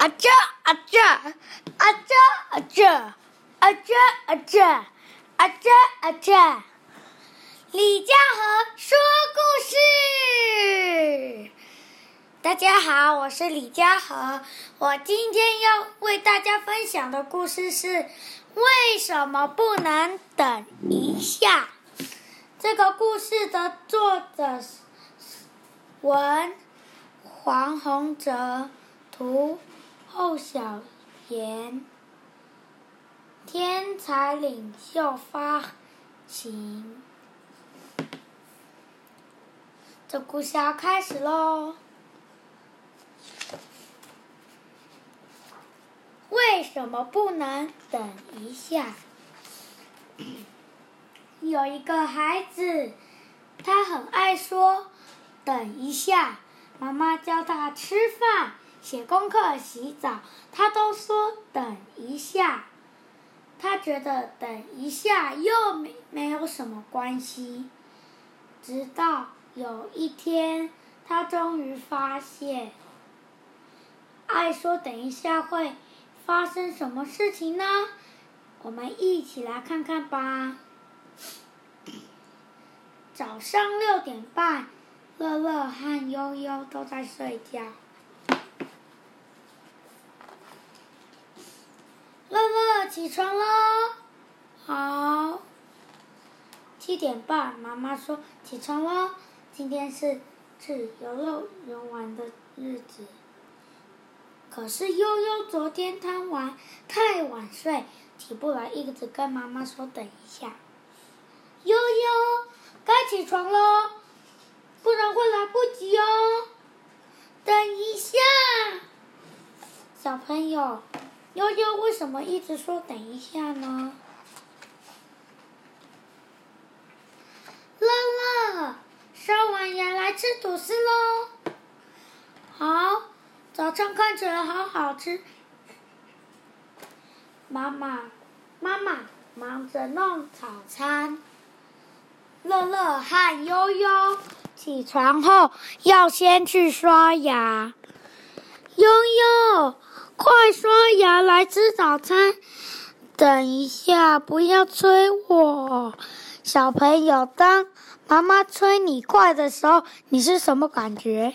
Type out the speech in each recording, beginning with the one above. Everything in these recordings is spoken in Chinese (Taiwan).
阿哲阿哲阿哲阿哲阿哲阿哲阿哲李嘉禾說故事。大家好，我是李嘉禾，我今天要為大家分享的故事是為什麼不能等一下。這個故事的作者是文黃宏哲。圖後小言，天才領袖發行。這故事要開始嘍！為什麼不能等一下？有一個孩子，他很愛說“等一下”，媽媽叫他吃飯。寫功課、洗澡，他都說等一下。他覺得等一下又沒沒有什麼關係。直到有一天，他終於發現，愛說等一下會發生什麼事情呢？我們一起來看看吧。早上六點半，樂樂和悠悠都在睡覺。起床嘍！好，七點半，媽媽說起床嘍。今天是去遊樂園玩的日子。可是悠悠昨天貪玩太晚睡，起不來，一直跟媽媽說等一下。悠悠，該起床嘍，不然會來不及哦。等一下，小朋友。悠悠，為什麼一直說等一下呢？樂樂，刷完牙來吃吐司嘍。好，早餐看起來好好吃。媽媽，媽媽忙着弄早餐。樂樂喊：「悠悠，起床後要先去刷牙。悠悠。要來吃早餐。等一下，不要催我。小朋友，當媽媽催你快的時候，你是什麼感覺？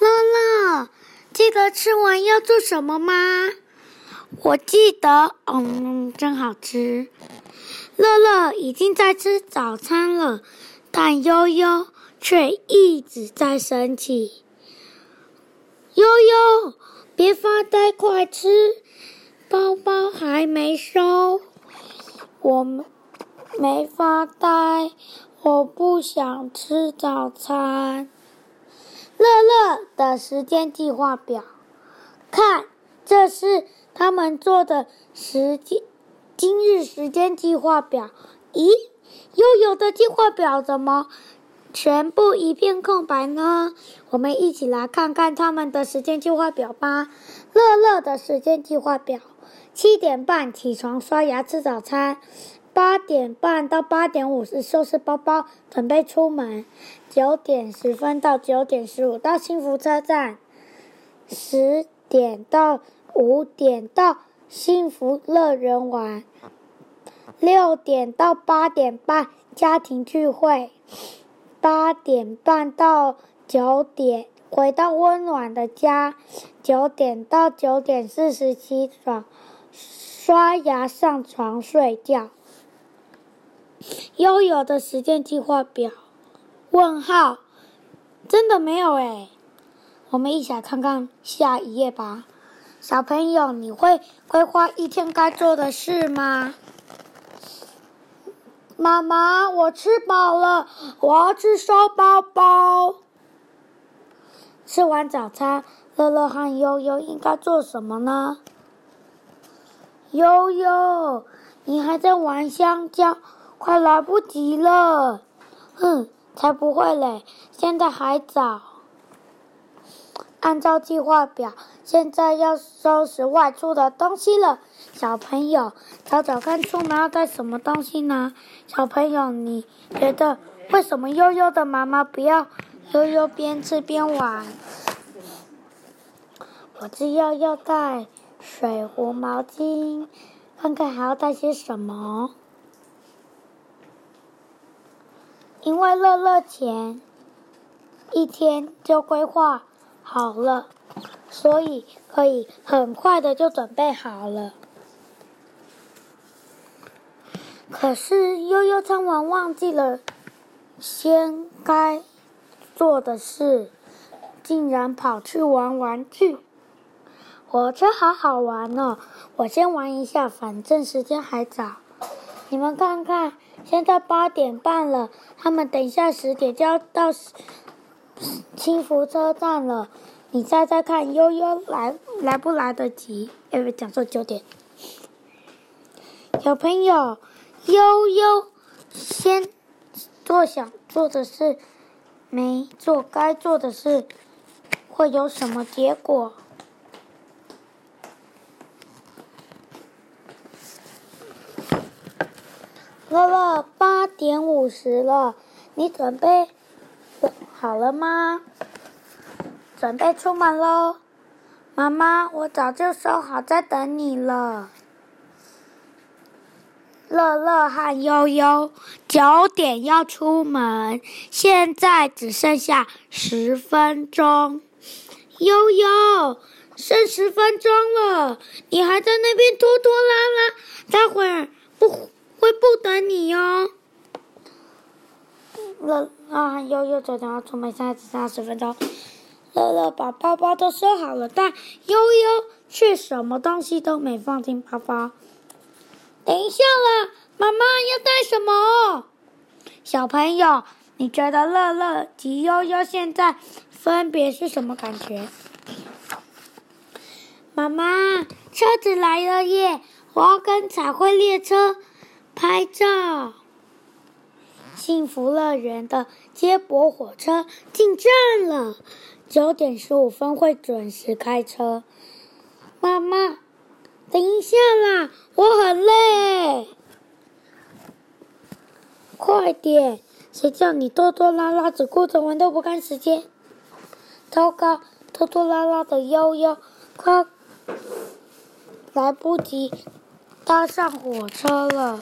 樂樂，記得吃完要做什麼嗎？我記得，嗯，真好吃。樂樂已經在吃早餐了，但悠悠却一直在生氣。悠悠。吃包包還沒收，我沒發呆，我不想吃早餐。樂樂的時間計劃表，看這是他們做的時間，今日時間計劃表。咦，悠悠的計劃表怎麼？全部一片空白呢？我們一起來看看他們的時間計劃表吧。樂樂的時間計劃表：七點半起床、刷牙、吃早餐；八點半到八點五十收拾包包，準備出門；九點十分到九點十五到幸福車站；十點到五點到幸福樂園玩；六點到八點半家庭聚會。八點半到九點，回到溫暖的家；九點到九點四十七分，刷牙、上床睡覺。悠悠的時間計劃表？問號，真的沒有哎、欸？我們一起來看看下一頁吧。小朋友，你會規劃一天該做的事嗎？媽媽，我吃飽了，我要去收包包。吃完早餐，樂樂和悠悠應該做什麼呢？悠悠，你還在玩香蕉，快來不及了！哼、嗯，才不會嘞，現在還早。按照計劃表，現在要收拾外出的東西了。小朋友，找找看出門呢？要帶什麼東西呢？小朋友，你覺得為什麼悠悠的媽媽不要悠悠邊吃邊玩？我知道要帶水壺、毛巾，看看還要帶些什麼？因為樂樂前一天就規劃好了，所以可以很快的就準備好了。可是悠悠唱完，忘記了先該做的事，竟然跑去玩玩具。火車好好玩呢、哦，我先玩一下，反正時間還早。你們看看，現在八點半了，他們等一下十點就要到清福車站了。你猜猜看，悠悠來來不來得及？哎，不，講錯，九點。小朋友。悠悠，先做想做的事，沒做該做的事，會有什麼結果？樂樂，八點五十了，你準備、哦、好了嗎？準備出門嘍！媽媽，我早就收好在等你了。樂樂和悠悠：“九點要出門，現在只剩下十分鐘。”悠悠：“剩十分鐘了，你還在那邊拖拖拉拉，待會兒不會不等你喲。”樂樂和悠悠：“九點要出門，現在只剩下十分鐘。”樂樂把包包都收好了，但悠悠卻什麼東西都沒放進包包。等一下啦，媽媽要帶什麼？小朋友，你覺得樂樂及悠悠現在分別是什麼感覺？媽媽，車子來了耶！我要跟彩繪列車拍照。幸福樂園的接駁火車進站了，九點十五分會準時開車。媽媽。等一下啦，我很累！哎，快點！誰叫你拖拖拉拉，只顧着玩都不看時間？糟糕，拖拖拉拉的悠悠，快來不及搭上火車了，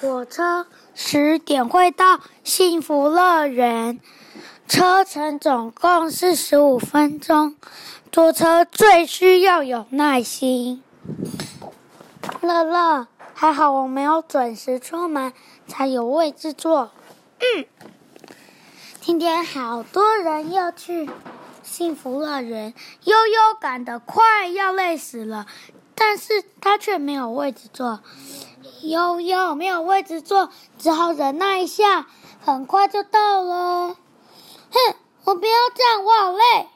火車。十點會到幸福樂園，車程總共是十五分鐘，坐車最需要有耐心。樂樂，還好我沒有準時出門，才有位置坐。嗯，今天好多人要去幸福樂園，悠悠趕得快要累死了，但是他卻沒有位置坐。悠悠沒有位置坐，只好忍耐一下，很快就到了。哼，我不要這樣，我好累。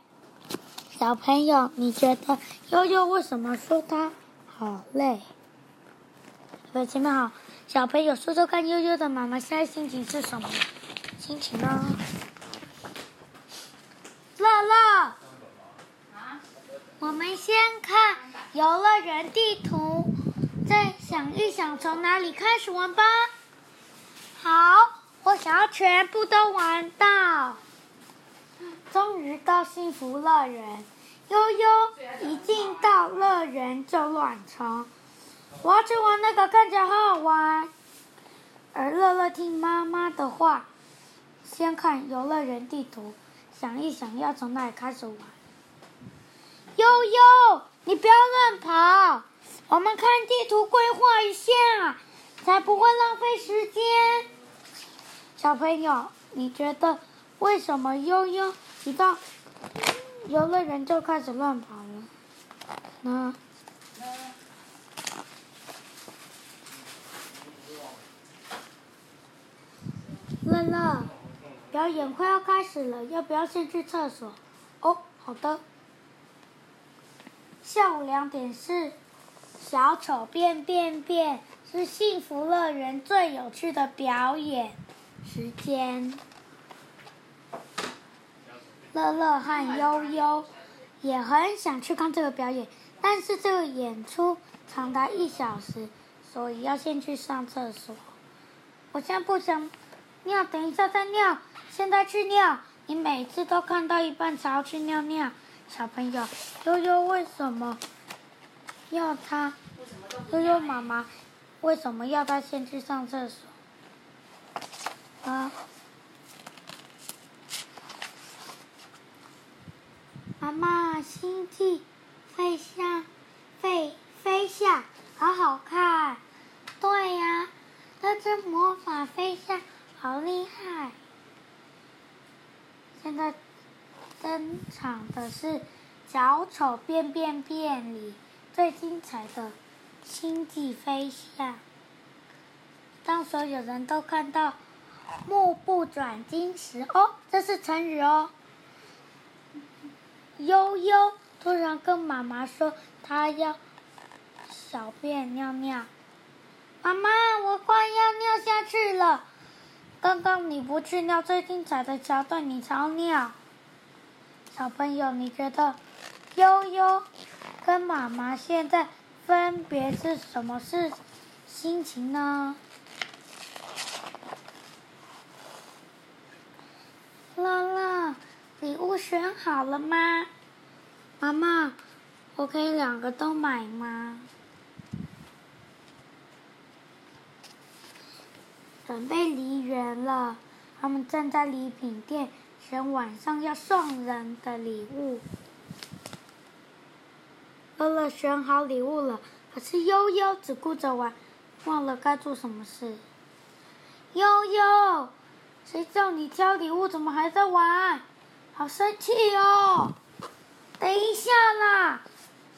小朋友，你覺得悠悠為什麼說她好累？各位親們好，小朋友，說說看悠悠的媽媽現在心情是什麼心情呢、哦？樂樂，我們先看遊樂園地圖。想一想，從哪裡開始玩吧？好，我想要全部都玩到。終於到幸福樂園，悠悠一進到樂園就亂闖。我要去玩那個看著好好玩。而樂樂聽媽媽的話，先看遊樂園地圖，想一想要從哪裡開始玩。悠悠，你不要亂跑。我們看地圖規劃一下，才不會浪費時間。小朋友，你覺得為什麼悠悠一到遊樂園就開始亂跑了呢？樂樂，表演快要開始了，要不要先去廁所？哦，好的。下午兩點四。小丑變變變是幸福樂園最有趣的表演時間。樂樂和悠悠也很想去看這個表演，但是這個演出長達一小時，所以要先去上廁所。我現在不想尿，等一下再尿。現在去尿，你每次都看到一半才要去尿尿。小朋友，悠悠為什麼？要他，悠悠媽媽，為什麼要他先去上廁所？啊！媽媽，星際飛象飛飛象，好好看！對呀、啊，那只魔法飛象好厲害！現在登場的是小丑變變變里。最精彩的《星際飛俠》，當所有人都看到目不轉睛時，哦，這是成語哦。悠悠突然跟媽媽說：“他要小便尿尿。”媽媽，我快要尿下去了。剛剛你不去尿，最精彩的橋段，你尿尿。小朋友，你覺得悠悠？跟媽媽現在分別是什麼是心情呢？樂樂，禮物選好了嗎？媽媽，我可以兩個都買嗎？準備離園了，他們站在禮品店選晚上要送人的禮物。樂樂選好禮物了，可是悠悠只顧着玩，忘了該做什麼事。悠悠，誰叫你挑禮物？怎麼還在玩？好生氣喲！等一下啦。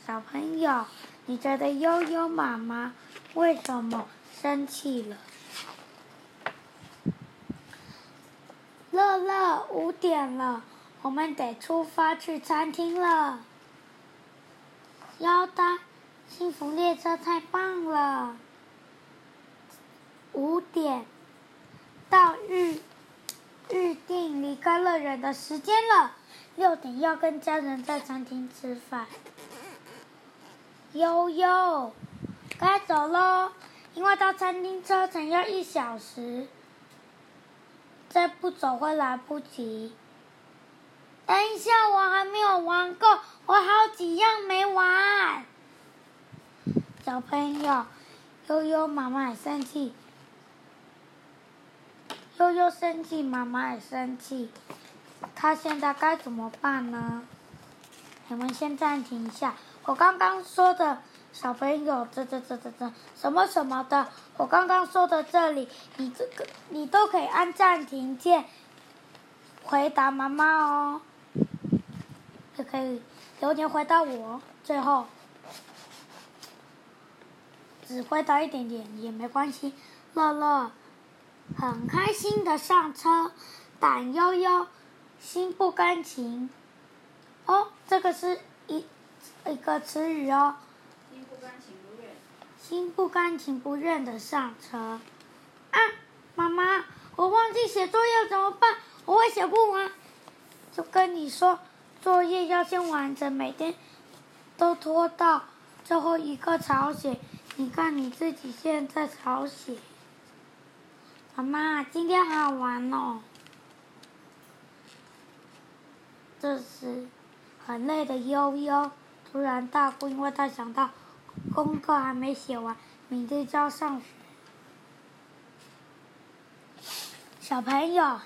小朋友，你覺得悠悠媽媽為什麼生氣了？樂樂，五點了，我們得出發去餐廳了。要搭幸福列車，太棒了！五點到預預定離開樂園的時間了。六點要跟家人在餐廳吃飯。悠悠，該走咯，因為到餐廳車程要一小時，再不走會來不及。等一下，我還沒有玩夠，我好幾樣沒玩。小朋友，悠悠媽媽也生氣，悠悠生氣，媽媽也生氣，她現在該怎麼辦呢？我們先暫停一下，我剛剛說的，小朋友，這這這這這什麼什麼的，我剛剛說的這裡，你這個你都可以按暫停鍵，回答媽媽哦。就可以，有點回答我。最後，只回答一點點也沒關係。樂樂很開心的上車，但悠悠，心不甘情。哦，這個是一一個詞語哦。心不甘情不願。心不甘情不願的上車。啊，媽媽，我忘記寫作業怎麼辦？我會寫不完。就跟你說。作業要先完成，每天都拖到最後一個抄寫。你看你自己現在抄寫。媽、啊、媽，今天好玩哦。這時，很累的悠悠突然大哭，因為他想到功課還沒寫完，明天就要上學。小朋友，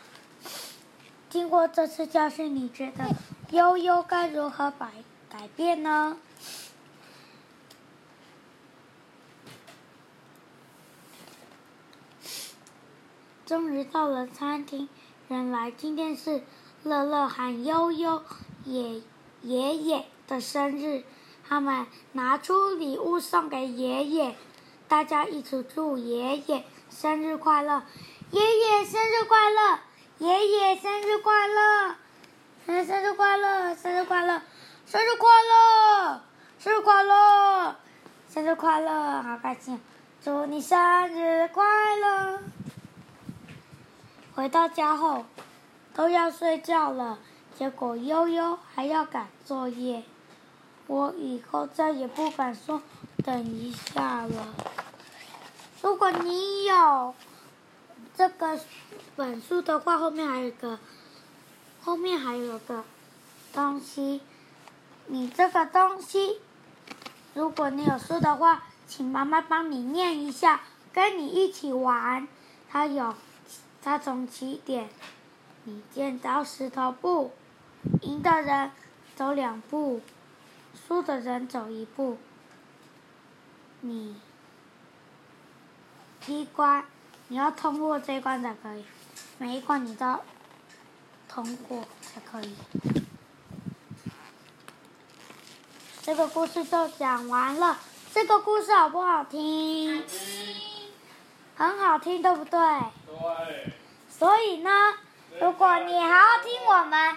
經過這次教訓，你覺得？悠悠該如何改改變呢？終於到了餐廳，原來今天是樂樂喊悠悠爺爺爺的生日，他們拿出禮物送給爺爺，大家一起祝爺爺生日快樂，爺爺生日快樂，爺爺生日快樂。爺爺生日快樂，生日快樂，生日快樂，生日快樂，生日快樂，好開心！祝你生日快樂！回到家後都要睡覺了，結果悠悠還要趕作業，我以後再也不敢說等一下了。如果你有這個本書的話，後面還有一個，後面還有個。東西，你這個東西，如果你有書的話，請媽媽幫你念一下，跟你一起玩。他有，他從起點，你見到石頭布，贏的人走兩步，輸的人走一步。你，第一關，你要通過這一關才可以。每一關你都要通過才可以。.這個故事就講完了，這個故事好不好聽？好聽，很好聽，對不對？對。所以呢，如果你還要聽我們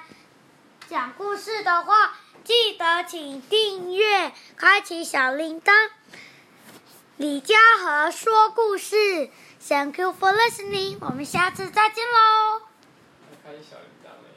講故事的話，記得請訂閱、開啟小鈴鐺。李佳禾說故事，Thank you for listening。我們下次再見嘍。